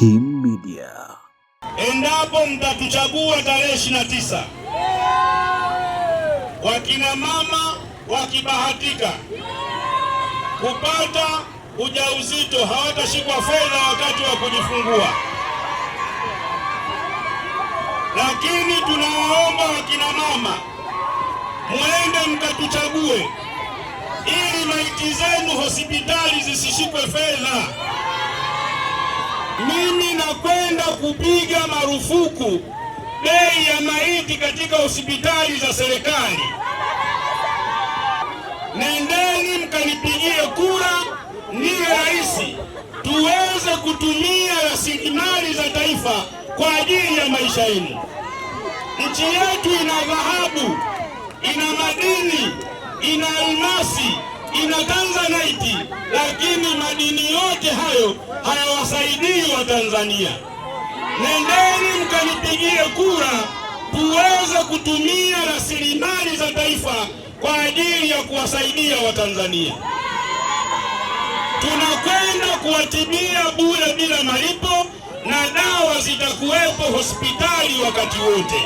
Kim Media. Endapo mtatuchagua tarehe 29, wakina mama wakibahatika kupata ujauzito hawatashikwa fedha wakati wa kujifungua, lakini tunawaomba wakina mama mwende mkatuchague ili maiti zenu hospitali zisishikwe fedha mimi nakwenda kupiga marufuku bei ya maiti katika hospitali za serikali. Nendeni mkanipigie kura ndiye rais, tuweze kutumia rasilimali za taifa kwa ajili ya maisha yenu. Nchi yetu ina dhahabu, ina madini, ina almasi ina tanzanite, lakini madini yote hayo hayawasaidii Watanzania. Nendeni mkanipigie kura tuweze kutumia rasilimali za taifa kwa ajili ya kuwasaidia Watanzania. Tunakwenda kuwatibia bure bila malipo na dawa zitakuwepo hospitali wakati wote.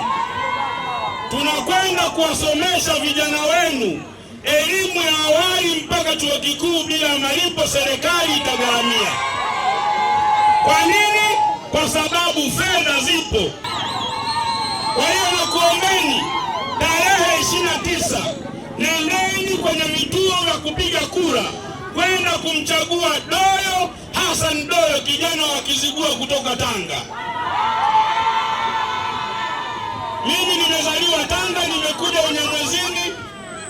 Tunakwenda kuwasomesha vijana wenu elimu ya awali sababu fedha zipo. Kwa hiyo nakuombeni, tarehe ishirini na tisa nendeni kwenye vituo vya kupiga kura kwenda kumchagua Doyo Hassan Doyo, kijana wa Kizigua kutoka Tanga. Mimi nimezaliwa Tanga, nimekuja Unyamwezini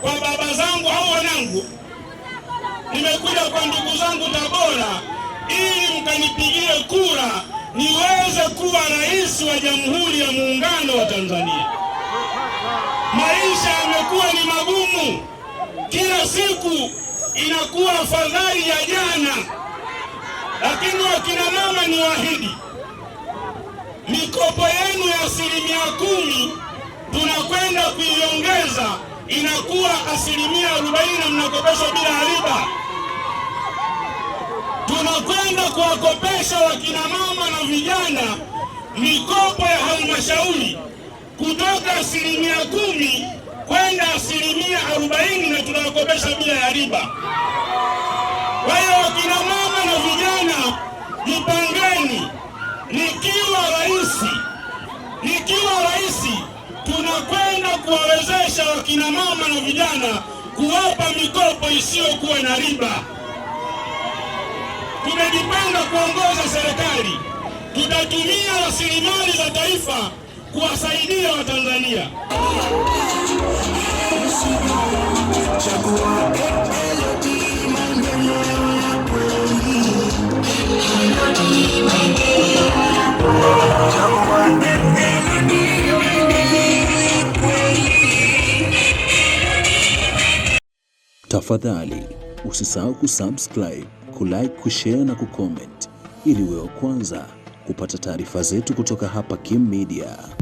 kwa baba zangu au wanangu, nimekuja kwa ndugu zangu Tabora ili mkanipigie kura niweze kuwa rais wa Jamhuri ya Muungano wa Tanzania. Maisha yamekuwa ni magumu, kila siku inakuwa afadhali ya jana, lakini wakina mama, ni wahidi mikopo yenu ya asilimia kumi tunakwenda kuiongeza, inakuwa asilimia arobaini na mnakopeshwa bila riba kwenda kuwakopesha wakinamama na vijana mikopo ya halmashauri kutoka asilimia kumi kwenda asilimia arobaini na tunawakopesha bila ya riba. Kwa hiyo wakinamama na vijana jipangeni, nikiwa rais, nikiwa rais tunakwenda kuwawezesha wakinamama na vijana kuwapa mikopo isiyokuwa na riba tumejipanga kuongoza serikali, tutatumia rasilimali za taifa kuwasaidia Watanzania. Tafadhali usisahau kusubscribe kulike, kushare na kucomment ili uwe wa kwanza kupata taarifa zetu kutoka hapa Kim Media.